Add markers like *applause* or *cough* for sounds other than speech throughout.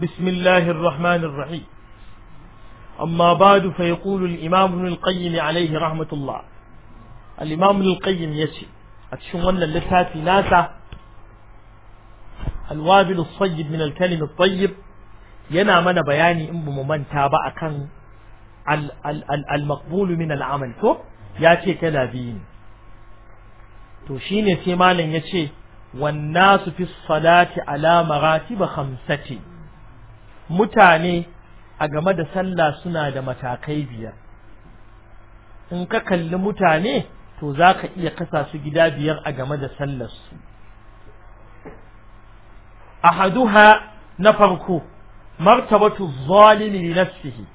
بسم الله الرحمن الرحيم أما بعد فيقول الإمام ابن القيم عليه رحمة الله الإمام ابن القيم يسي أتشمون اللتات ناسا الوابل الصيب من الكلم الطيب yana mana bayani in ba mu manta ba akan al-maqbul min al-amal ko ya ce kala biyu ne to shine sai malam yace wan nasu fi salati ala maratib khamsati mutane a game da sallah suna da matakai biyar in ka kalli mutane to za ka iya kasa su gida biyar a game da sallarsu ahaduha na farko martabatu zalimi li nafsihi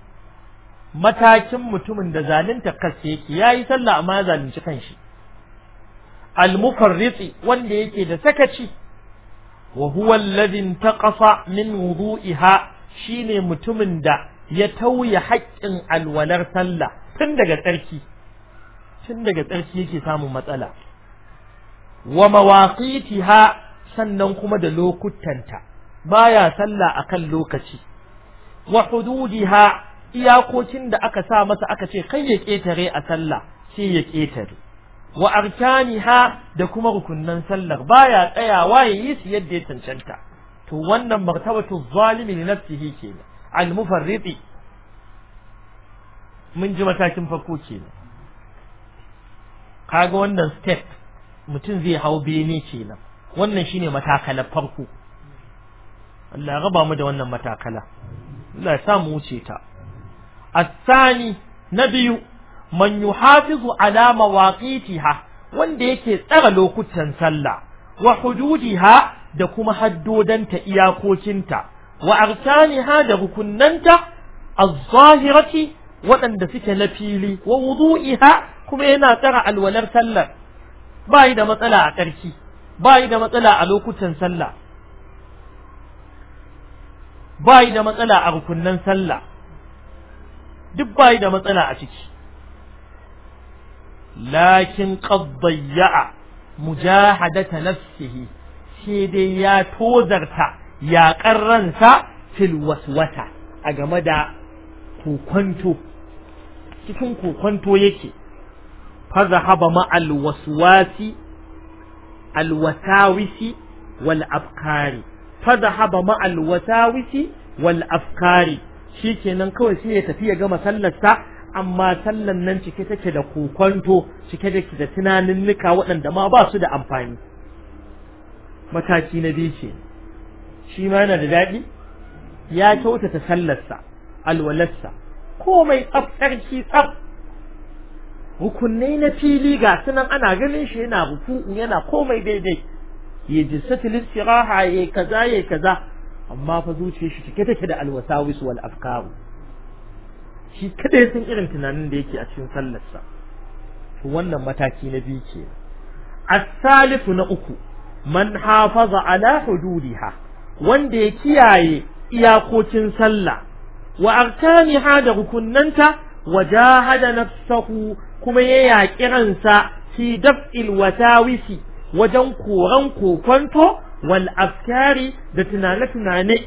matakin mutumin da zalunta kansa yake yayi sallah amma zalunci kanshi al-mufarriti wanda yake da sakaci wa huwa alladhi ƙafa min wudu'iha shine mutumin da ya tauye haƙƙin alwalar sallah tun daga tsarki tun daga tsarki yake samun matsala wa mawaqitiha sannan kuma da lokutanta baya sallah akan lokaci wa hududiha iyakokin da aka sa masa aka ce kai ya ketare a sallah sai ya ketare wa arkaniha da kuma rukunnan sallar baya tsayawa yayi su yadda ya cancanta to wannan martabatu zalimi li nafsihi kenan al mufarriti mun ji matakin farko kenan kaga wannan step mutum zai hau bene kenan wannan shine matakalar farko Allah ya raba mu da wannan matakala Allah ya sa mu wuce ta الثاني نبي من يحافظ على مواقيتها wanda yake tsara lokutan sallah wa hududiha da kuma haddodanta iyakokinta wa ha da rukunnanta az-zahirati waɗanda suke na fili wa wudu'iha kuma yana tsara alwalar sallar ba yi da matsala a ƙarki ba yi da matsala a lokutan sallah ba yi da matsala a rukunnan sallah duk ba yi da matsala a ciki lakin qad mujahadata nafsihi sai dai ya tozarta ya ransa fil waswata a game da kokwanto cikin kokwanto yake fa haba ma al waswasi al wal afkari fa haba ma al wal afkari shikenan kawai sai ya tafi ya gama sallarsa amma sallan nan cike take da kokwanto cike take da tunanin nuka waɗanda ma ba su da amfani mataki na biyu ce shi ma yana da daɗi ya kyautata sallarsa alwalarsa komai tsaf tsarki tsaf hukunnai na fili ga sunan ana ganin shi yana ruku'u yana komai daidai ya jissati listiraha ya kaza ya kaza amma fa zuciya shi take take da alwasawis wal afkaru shi kada ya san irin tunanin da yake a cikin sallarsa to wannan mataki na biyu ke salifu na uku man hafaza ala hududiha wanda ya kiyaye iyakokin sallah wa arkaniha da rukunnanta wa jahada nafsahu kuma ya yaƙi ransa fi daf'il wasawisi wajen koran kokonto wal afkari da tunane-tunane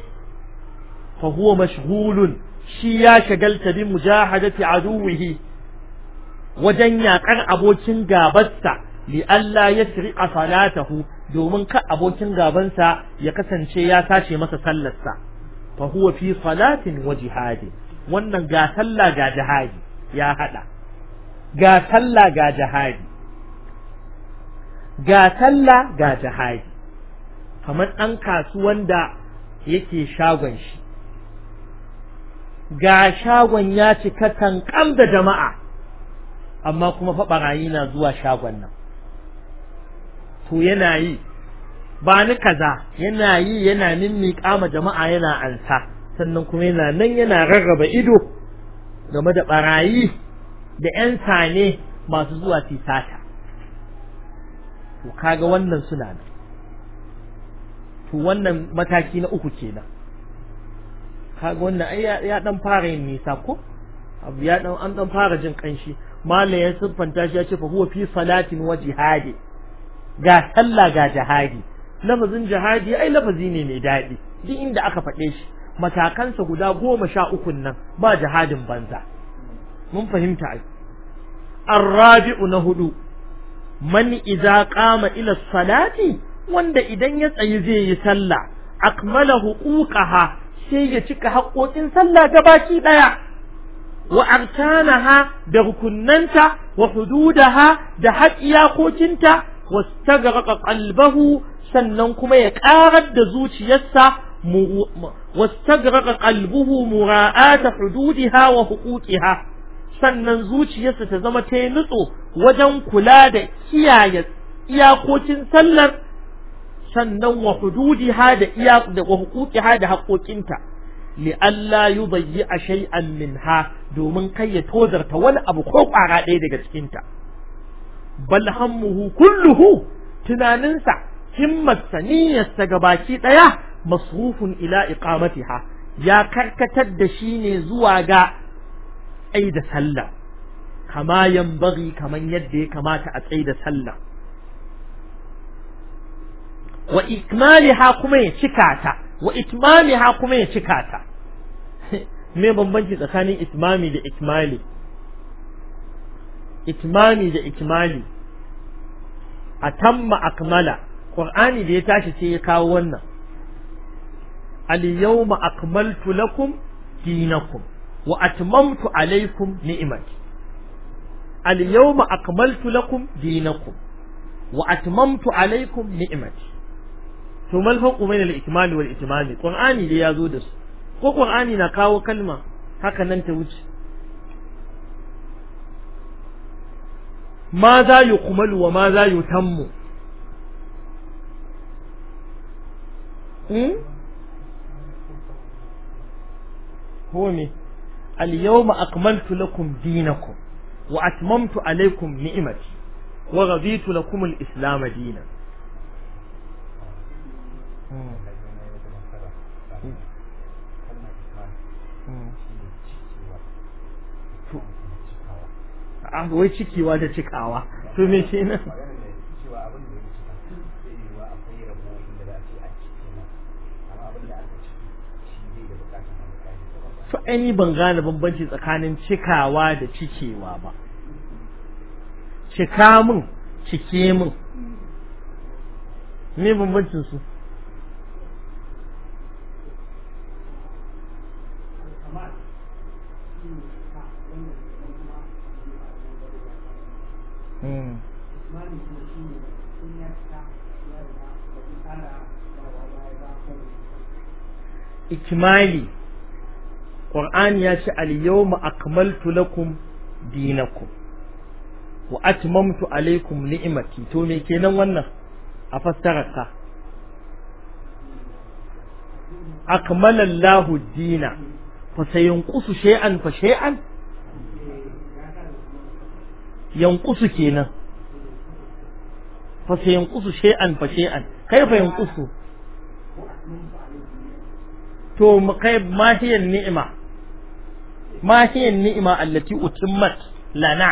fa huwa mashghulun shi ya shagalta bi mujahadati aduwihi wajen yaƙar abokin gabarsa li Allah ya sirqa salatahu domin ka abokin gabansa ya kasance ya tace masa sallarsa fa huwa fi salatin wa jihadin wannan ga sallah ga jihadi ya hada ga sallah ga jihadi ga sallah ga jihadi kamar an kasuwan da yake shagon shi ga shagon ya cika tankan da jama'a amma kuma fa barayi na zuwa shagon nan to yana yi ba ni kaza yana yi yana mimmiƙa ma jama'a yana ansa sannan kuma yana nan yana rarraba ido game da barayi da 'yan sane masu zuwa sisata. sata to kaga wannan suna nan to wannan mataki na uku kenan kaga wannan ai ya dan fara yin nisa ko abu ya dan an dan fara jin kanshi malam ya siffanta shi ya ce fa huwa fi salatin wa jihadin ga sallah ga jihadi lafazin jihadi ai lafazi ne mai daɗi duk inda aka faɗe shi matakansa guda goma sha uku nan ba jihadin banza mun fahimta ai arrabi'u na hudu man idza qama ila salati wanda idan ya tsayi zai yi sallah akmala huquqaha sai ya cika haƙoƙin sallah gabaki daya wa arkanaha da rukunnanta wa hududaha da haɗ-iyakokinta. واستغرق قلبه sannan kuma ya karar da zuciyarsa واستغرق قلبه مراءة حدودها وحقوقها sannan zuciyarsa ta zama ta nutso wajen kula da kiyaye iyakokin sallar sannan wa ha da iyaq da huquqiha da haƙoƙinta li alla yubayyi shay'an minha domin kai ya tozarta wani abu ko ƙwara ɗaya daga cikinta bal hammuhu kulluhu tunaninsa himmarsa niyyarsa gabaki daya masrufun ila iqamatiha ya karkatar da shi ne zuwa ga aida sallah kama yambaghi kaman yadda ya kamata a tsaida sallah wa ikmaliha kuma ya cika ta wa itmamiha kuma ya cika ta *laughs* me bambanci tsakanin itmami da ikmali itmami da ikmali atamma akmala qur'ani da ya tashi sai ya kawo wannan al yawma akmaltu lakum dinakum wa atmamtu alaykum ni'mati al yawma akmaltu lakum dinakum wa atmamtu alaykum ni'mati to mal faqu da al ikmali wal itmami qur'ani da yazo da su ko qur'ani na kawo kalma haka nan ta wuce ma za yi kumalu wa ma za yi tammu ko ne al akmaltu lakum dinakum wa atmamtu alaikum ni'mati wa razitu lakumul al-islam dinan a ah, wai cikiwa da cikawa to me kenan fa ani ban gane bambanci tsakanin cikawa da cikewa ba cika min cike min me bambancin su ikimali ƙur'ani ya ce al-yawma akmaltu lakum dinakum wa atmamtu alaikum ni'imati to me kenan wannan a fassarar ka akmala dina fa sayanqusu shay'an fa shay'an yanqusu kenan fa sayanqusu shay'an fa shay'an fa yanqusu to mu kai mahiyar ni'ima mahiyar ni'ima allati utimmat lana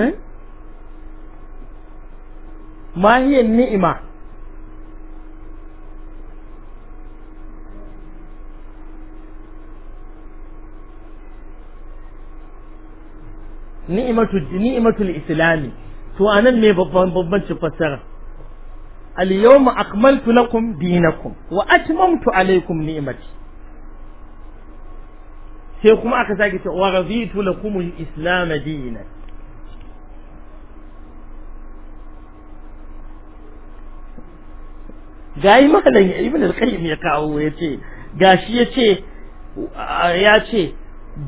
eh mahiyar ni'ima ni'imatu ni'imatul islami to anan me babban babban fassara اليوم أكملت dinakum دينكم atmamtu alaikum نعمتي sai kuma aka sake ce wa raditu lakum al-islam dinan gayi malam ibn al-qayyim ya kawo yace gashi yace yace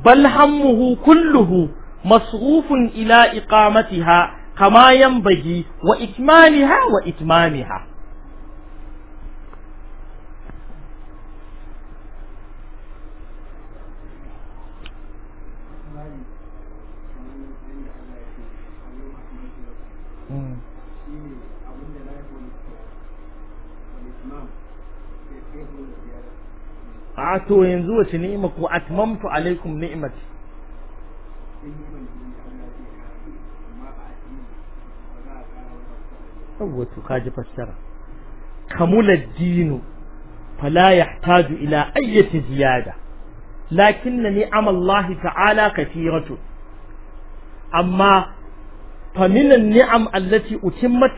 bal hammuhu kulluhu masrufun ila iqamatiha كما ينبغي وإتمامها وإتمامها a to yanzu wace ni'ima ko atmamtu alaikum ni'imati wato kaji fassara kamula fala yahtaju ila ayyati ziyada lakinna ta'ala kathiratu amma fa min an-ni'am allati utimmat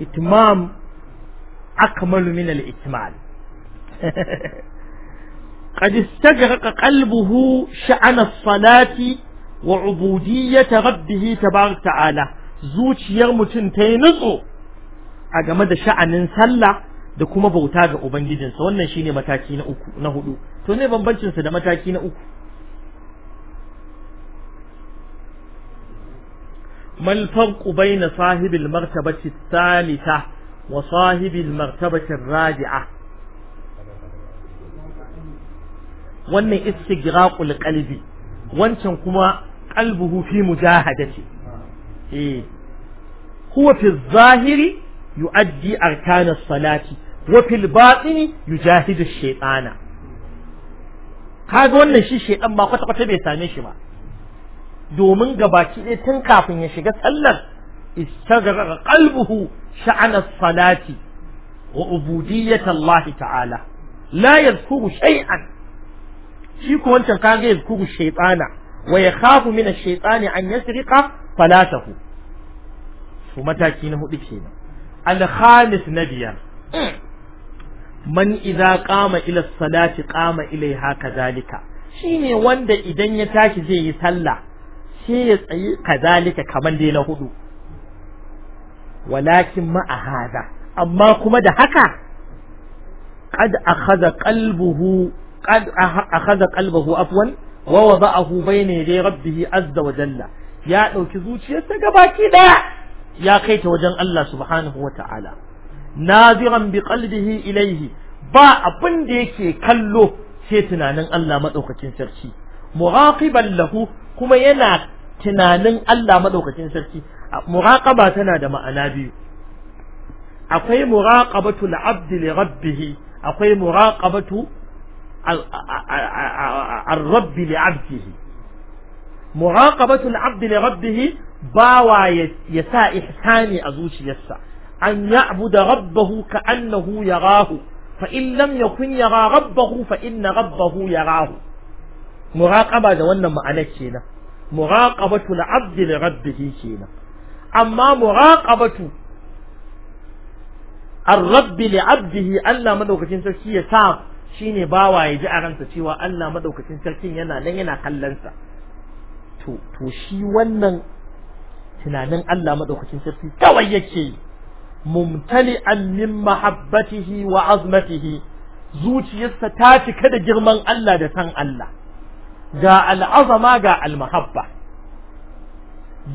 اتمام اكمل من الاكمال قد استغرق قلبه شأن الصلاة وعبودية ربه تبارك تعالى زوج يرمتن تينزو أجمد شأن سلا دكما بوتاج أبنجدن سوالنا شيني متاكين أكو نهدو تنبن بنجن سدى متاكين أكو ما الفرق بين صاحب المرتبة الثالثة وصاحب المرتبة الرادعة wannan istigraqul qalbi wancan kuma qalbuhu fi mujahadati eh huwa fi zahiri yuaddi arkana salati wa fil batini yujahidu shaytana kaga wannan shi shaytan ba kwata kwata bai same shi ba domin gabaki ɗaya tun kafin ya shiga sallar istagara qalbuhu sha'ana salati wa ubudiyyat Allah ta'ala la yadhkuru shay'an shi ko wancan kage yadhkuru shaytana wa yakhafu min ash-shaytani an yasriqa salatahu su mataki na hudu kenan al-khamis na biyar man idza qama ila as-salati qama ilayha kadhalika shine wanda idan ya tashi zai yi sallah sai ya tsayi kazalika kaman dai na hudu walakin ma a hada amma kuma da haka qad akhadha qalbuhu qad akhadha qalbuhu afwan wa wada'ahu bayna yaday rabbih azza wa jalla ya dauki zuciyarsa gabaki daya ya kai ta wajen Allah subhanahu wa ta'ala naziran bi qalbihi ilayhi ba abin da yake kallo sai tunanin Allah madaukakin sarki muraqiban lahu kuma yana tunanin Allah madaukakin sarki muraqaba tana da ma'ana biyu akwai muraqabatu al-abd li rabbih akwai muraqabatu ar-rabb li 'abdihi muraqabatu al-abd li rabbih bawa ya sa ihsani a zuciyarsa an ya'buda rabbahu ka'annahu yarahu fa in lam yakun yara rabbahu fa inna rabbahu yarahu muraqaba da wannan ma'anar kenan muraqabatu al-abd li rabbih kenan amma muraqabatu ar-rabb li 'abdihi Allah madaukakin sarki ya sa shine bawa ya ji a ransa cewa Allah madaukakin sarkin yana nan yana kallon sa to to shi wannan tunanin Allah madaukakin sarki kawai yake mumtali'an min mahabbatihi wa azmatihi zuciyarsa ta cika da girman Allah da san Allah ga al'azama ga al-mahabba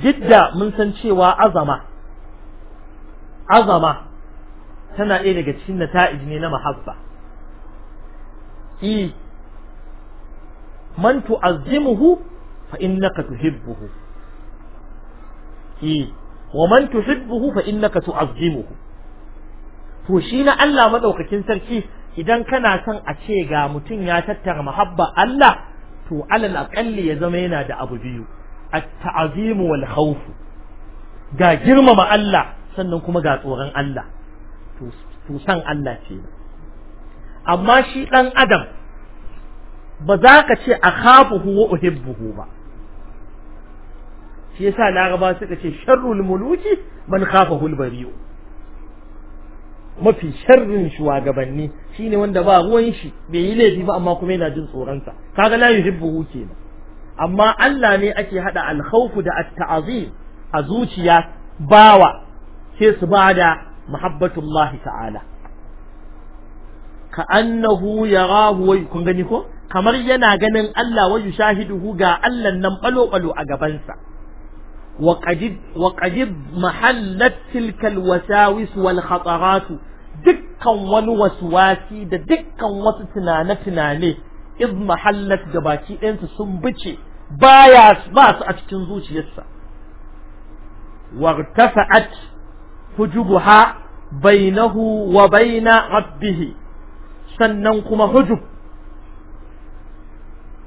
jidda mun san cewa azama azama tana ɗaya daga cikin na ne na mahabba i e, man tuazimuhu fa innaka tuhibbuhu i e, wa man tuhibbuhu fa innaka tuazimuhu. to shi na Allah maɗaukakin sarki idan kana son a ce ga mutum ya tattara mahabba Allah to alal akalli ya zama yana da abu biyu at-ta'zim wal khawf ga girmama Allah sannan kuma ga tsoron Allah to san Allah ce amma shi dan adam ba za ka ce akhafuhu wa uhibbuhu ba shi yasa laraba suka ce sharrul muluki man khafahu al mafi sharrin shugabanni shine wanda ba ruwan shi bai yi laifi ba amma kuma yana jin tsoron sa kaga la yuhibbu kenan amma Allah ne ake hada alkhawfu da at-ta'zim a zuciya bawa sai su bada muhabbatullah ta'ala ka annahu yarahu wa kun gani ko kamar yana ganin Allah wa yushahiduhu ga Allah nan balo balo a gabansa وقد وقد محلت تلك الوساوس والخطرات دكان wani waswasi da dukkan wasu tunane-tunane iz mahallat da baki ɗansu sun bice baya ba su a cikin zuciyarsa wartafa'at hujubuha bainahu wa baina rabbih sannan kuma hujub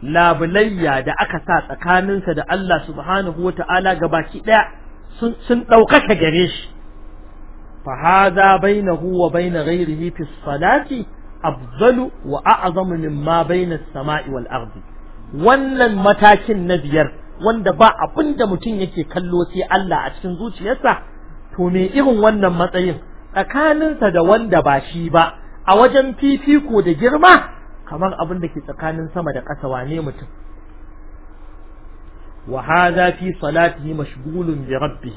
labulayya da aka sa tsakaninsa da Allah subhanahu wa ta'ala gabaki ɗaya sun ɗaukaka gare shi fahaza bainahu wa baina ghairihi fi salati afdalu wa a'zamu mimma baina samai wal wannan matakin na biyar wanda ba abin da mutum yake kallo sai Allah a cikin zuciyarsa to me irin wannan matsayin tsakaninsa da wanda ba shi ba a wajen fifiko da girma kamar abin da ke tsakanin sama da ƙasa wane mutum wa hadha fi salatihi mashghulun bi rabbih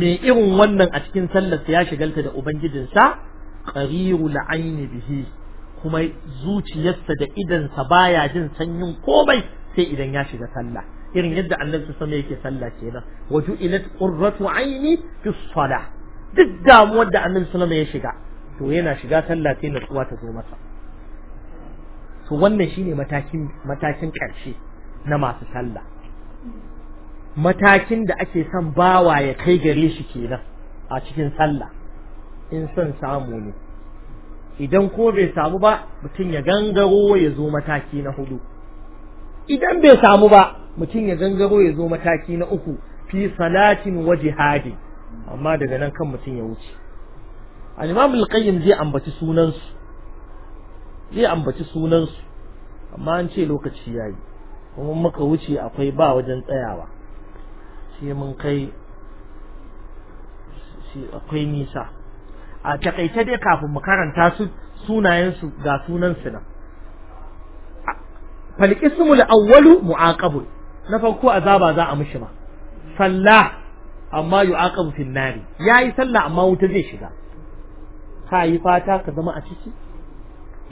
me irin wannan a cikin sallarsa ya shigalta da sa qarirul la'ani bihi kuma zuciyarsa da sa baya jin sanyin komai sai idan ya shiga sallah irin yadda annabi sallallahu yake sallah kenan wa ju'ilat qurratu aini fi salah duk damuwar da annabi sallallahu ya shiga to yana shiga sallah sai natsuwa ta zo masa to wannan shine matakin matakin ƙarshe na masu sallah matakin da ake son bawa ya kai gare shi kenan a cikin sallah in son samu ne idan ko bai samu ba mutum ya gangaro ya zo mataki na hudu idan bai samu ba mutum ya gangaro ya zo mataki na uku fi salatin wa jihadi amma daga nan kan mutum ya wuce al-imam al-qayyim zai ambaci sunansu. zai ambaci sunansu amma an ce lokaci ya yi kuma maka wuce akwai ba wajen tsayawa sai mun kai akwai nisa a takaice dai kafin mu karanta su sunayensu ga sunansu nan falqismul awwalu mu'aqabun na farko azaba za a mishi ma salla amma yu'aqabu fil nari yayi sallah amma wuta zai shiga ka yi fata ka zama a ciki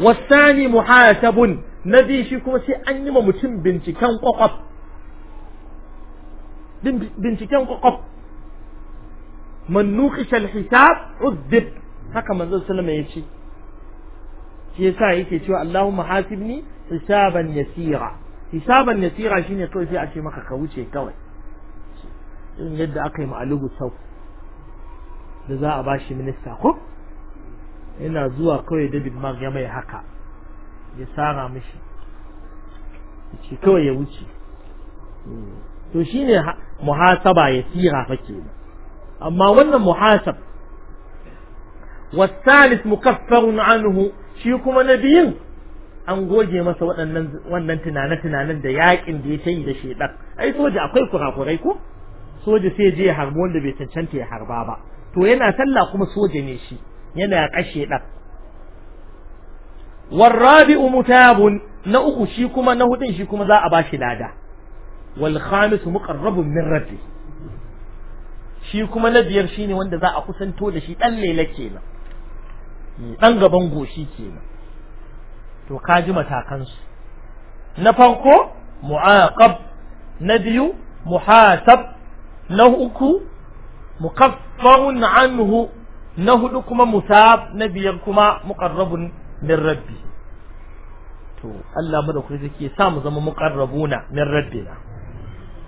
والثاني محاسب نبي شكو سي أني ما متم بنتي كان قطب بنتي كان قطب من نوخش الحساب عذب هكا من ذو سلم شي يسا يكي شو اللهم حاسبني حسابا يسيرا حسابا يسيرا شنو يقول في أشي مخا كوشي كوي إن يد أقيم ألوه سوف لذا أباشي من الساقب yana zuwa kawai David Mark ya mai haka ya sara mishi ce kawai ya wuce to shi ne muhasaba ya sira fake amma wannan muhasab wasalis mukaffarun anhu shi kuma na biyun an goge masa waɗannan wannan tunane-tunanen da yaƙin da ya ta yi da shedan ai soja akwai kurakurai ko soja sai je ya harbi wanda bai cancanta ya harba ba to yana talla kuma soja ne shi yana kashe ɗan warrabi'u mutabun na uku shi kuma na hudun shi kuma za a bashi lada wal khamis muqarrabun min rabbi shi kuma na biyar shine wanda za a kusanto da shi dan lela kenan dan gaban goshi kenan to kaji matakan su na farko mu'aqab na biyu muhasab na uku mukaffarun anhu na hudu kuma musab na biyar kuma muqarrabun min rabbi to Allah madaukaki yake sa mu zama muqarrabuna min rabbina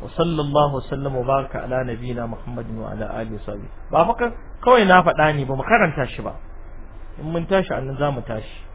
wa sallallahu sallam wa baraka ala nabiyina muhammadin wa ala alihi ba fa kawai na faɗa ne ba mu karanta shi ba in mun tashi annan zamu tashi